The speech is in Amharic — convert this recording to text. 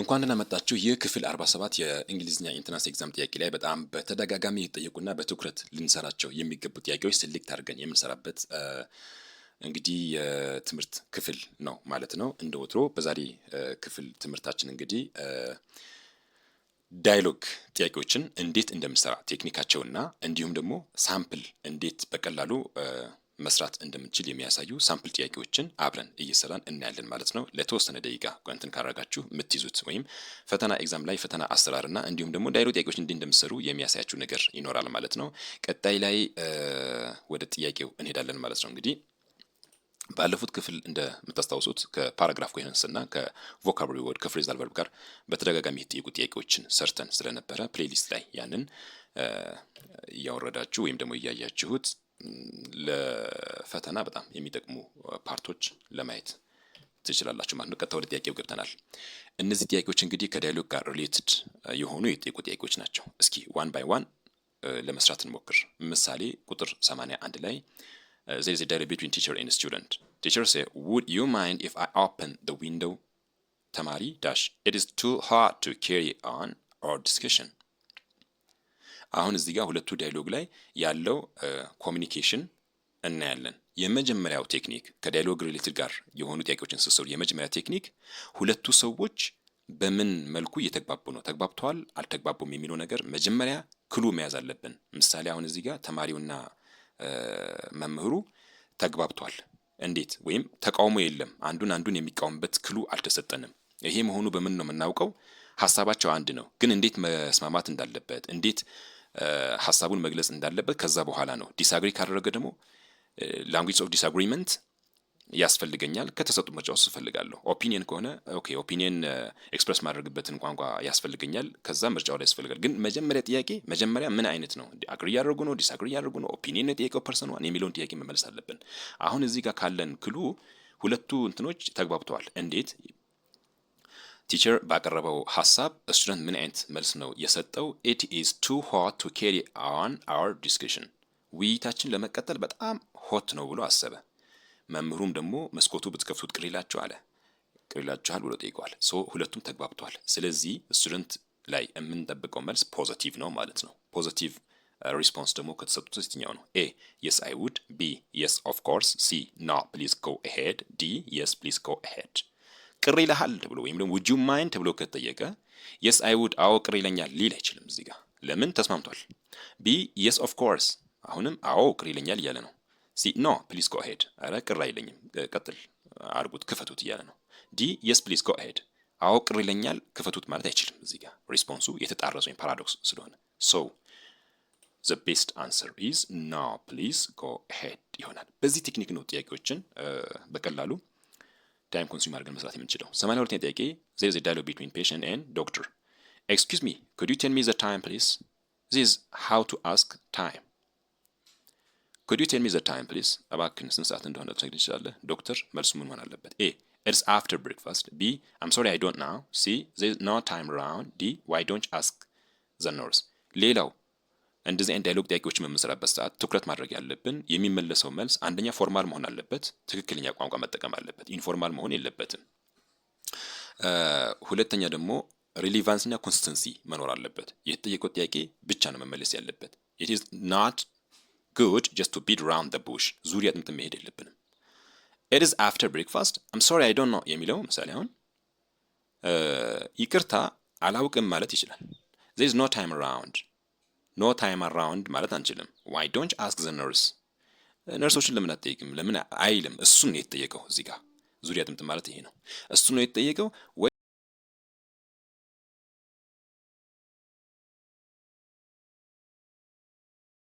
እንኳን ደህና መጣችሁ። ይህ ክፍል 47 የእንግሊዝኛ ኢንትራንስ ኤግዛም ጥያቄ ላይ በጣም በተደጋጋሚ የተጠየቁና በትኩረት ልንሰራቸው የሚገቡ ጥያቄዎች ስልክ አድርገን የምንሰራበት እንግዲህ የትምህርት ክፍል ነው ማለት ነው። እንደ ወትሮ በዛሬ ክፍል ትምህርታችን እንግዲህ ዳያሎግ ጥያቄዎችን እንዴት እንደምንሰራ ቴክኒካቸውና እንዲሁም ደግሞ ሳምፕል እንዴት በቀላሉ መስራት እንደምንችል የሚያሳዩ ሳምፕል ጥያቄዎችን አብረን እየሰራን እናያለን ማለት ነው። ለተወሰነ ደቂቃ እንትን ካረጋችሁ የምትይዙት ወይም ፈተና ኤግዛም ላይ ፈተና አሰራርና እንዲሁም ደግሞ ዳይሮ ጥያቄዎች እንዲህ እንደምትሰሩ የሚያሳያችሁ ነገር ይኖራል ማለት ነው። ቀጣይ ላይ ወደ ጥያቄው እንሄዳለን ማለት ነው እንግዲህ ባለፉት ክፍል እንደምታስታውሱት ከፓራግራፍ ኮሄረንስ እና ከቮካብሪ ወርድ ከፍሬዛል ቨርብ ጋር በተደጋጋሚ የተጠየቁ ጥያቄዎችን ሰርተን ስለነበረ ፕሌሊስት ላይ ያንን እያወረዳችሁ ወይም ደግሞ እያያችሁት ለፈተና በጣም የሚጠቅሙ ፓርቶች ለማየት ትችላላችሁ ማለት ነው። ቀጥታ ወደ ጥያቄው ገብተናል። እነዚህ ጥያቄዎች እንግዲህ ከዳያሎግ ጋር ሪሌትድ የሆኑ የጠየቁ ጥያቄዎች ናቸው። እስኪ ዋን ባይ ዋን ለመስራት እንሞክር። ምሳሌ ቁጥር 81 ላይ there is ቲቸር dialogue ቲቸር teacher and student. Teacher say, would you ተማሪ ዳሽ ኢት is ቱ hot ቱ ካሪ on our discussion አሁን እዚህ ጋር ሁለቱ ዳያሎግ ላይ ያለው ኮሚኒኬሽን እናያለን። የመጀመሪያው ቴክኒክ ከዳያሎግ ሪሌትድ ጋር የሆኑ ጥያቄዎችን ስሰሩ የመጀመሪያ ቴክኒክ ሁለቱ ሰዎች በምን መልኩ እየተግባቡ ነው፣ ተግባብተዋል፣ አልተግባቡም የሚለው ነገር መጀመሪያ ክሉ መያዝ አለብን። ምሳሌ አሁን እዚህ ጋር ተማሪውና መምህሩ ተግባብቷል እንዴት ወይም ተቃውሞ የለም፣ አንዱን አንዱን የሚቃወምበት ክሉ አልተሰጠንም። ይሄ መሆኑ በምን ነው የምናውቀው? ሀሳባቸው አንድ ነው፣ ግን እንዴት መስማማት እንዳለበት እንዴት ሀሳቡን መግለጽ እንዳለበት ከዛ በኋላ ነው። ዲስአግሪ ካደረገ ደግሞ ላንጉጅ ኦፍ ዲስአግሪመንት ያስፈልገኛል ከተሰጡ ምርጫዎች እፈልጋለሁ። ኦፒኒየን ከሆነ ኦኬ ኦፒኒየን ኤክስፕረስ ማድረግበትን ቋንቋ ያስፈልገኛል፣ ከዛ ምርጫው ላይ ያስፈልጋል። ግን መጀመሪያ ጥያቄ መጀመሪያ ምን አይነት ነው አግሪ ያደርጉ ነው ዲስአግሪ ያደርጉ ነው ኦፒኒየን የጠየቀው ዋን የሚለውን ጥያቄ መመለስ አለብን። አሁን እዚህ ጋር ካለን ክሉ ሁለቱ እንትኖች ተግባብተዋል እንዴት ቲቸር ባቀረበው ሀሳብ ስቱደንት ምን አይነት መልስ ነው የሰጠው? ኢት ኢዝ ቱ ሆት ቱ ካሪ ኦን አወር ዲስከሽን ውይይታችን ለመቀጠል በጣም ሆት ነው ብሎ አሰበ። መምህሩም ደግሞ መስኮቱ ብትከፍቱት ቅር አለ። ብሎ ጠይቋል። ሶ ሁለቱም ተግባብቷል። ስለዚህ ስቱደንት ላይ የምንጠብቀው መልስ ፖዘቲቭ ነው ማለት ነው። ፖዘቲቭ ሪስፖንስ ደግሞ ከተሰጡት የትኛው ነው? ኤ የስ አይ ውድ፣ ቢ የስ ኦፍ ኮርስ፣ ሲ ና ፕሊዝ ጎ ሄድ፣ ዲ የስ ፕሊዝ ጎ ሄድ። ቅር ይልሃል ተብሎ ወይም ደግሞ ውጁ ማይን ተብሎ ከተጠየቀ የስ አይውድ አዎ ቅር ይለኛል ሊል አይችልም። እዚህ ጋር ለምን ተስማምቷል። ቢ የስ ኦፍ ኮርስ አሁንም አዎ ቅር ይለኛል እያለ ነው። ሲ ኖ ፕሊስ ጎ ሄድ አረ ቅር አይለኝም ቀጥል አርጉት ክፈቱት እያለ ነው። ዲ የስ ፕሊስ ጎ ሄድ አዎ ቅር ይለኛል ክፈቱት ማለት አይችልም። እዚህ ጋር ሪስፖንሱ የተጣረሰ ወይም ፓራዶክስ ስለሆነ ሶ ዘ ቤስት አንሰር ኢዝ ኖ ፕሊስ ጎ ሄድ ይሆናል። በዚህ ቴክኒክ ነው ጥያቄዎችን በቀላሉ ታይም ኮንሱም አድርገን መስራት የምንችለው። ሰማንያ ሁለተኛ ጥያቄ ዜር ዘ ዳያሎግ ቢትዊን ፔሽንት ኤንድ ዶክተር ኤክስኪዝ ሚ ኩድ ዩ ቴል ሚ ዘ ታይም ፕሊዝ ዚስ ሃው ቱ አስክ ታይም ኩድ ዩ ቴል ሚ ዘ ታይም ፕሊዝ እባክን ስንት ሰዓት እንደሆነ ትነግረኝ ትችላለህ? ዶክተር መልሱ ምን መሆን አለበት? ኤ ኢትስ አፍተር ብሬክፋስት፣ ቢ አም ሶሪ አይ ዶንት ናው፣ ሲ ዜር ኢዝ ኖ ታይም ራውንድ፣ ዲ ዋይ ዶንት አስክ ዘ ነርስ። ሌላው እንደዚህ አይነት ዳያሎግ ጥያቄዎችን በምንሰራበት ሰዓት ትኩረት ማድረግ ያለብን የሚመለሰው መልስ አንደኛ ፎርማል መሆን አለበት፣ ትክክለኛ ቋንቋ መጠቀም አለበት፣ ኢንፎርማል መሆን የለበትም። ሁለተኛ ደግሞ ሪሊቫንስ እና ኮንስተንሲ መኖር አለበት። የተጠየቀው ጥያቄ ብቻ ነው መመለስ ያለበት። ኢት ኢዝ ናት ጉድ ጀስት ቱ ቢድ ራውንድ ዘ ቡሽ፣ ዙሪያ ጥምጥም መሄድ የለብንም። ኢት ኢዝ አፍተር ብሬክፋስት አም ሶሪ አይ ዶንት ኖ የሚለው ምሳሌ አሁን ይቅርታ አላውቅም ማለት ይችላል። ዜር ኢዝ ኖ ታይም ራውንድ ኖ ታይም አራውንድ ማለት አንችልም። ዋይ ዶንች አስክ ዘ ነርስ ነርሶችን ለምን አትጠይቅም? ለምን አይልም? እሱን ነው የተጠየቀው። እዚህ ጋር ዙሪያ ጥምጥ ማለት ይሄ ነው። እሱ ነው የተጠየቀው።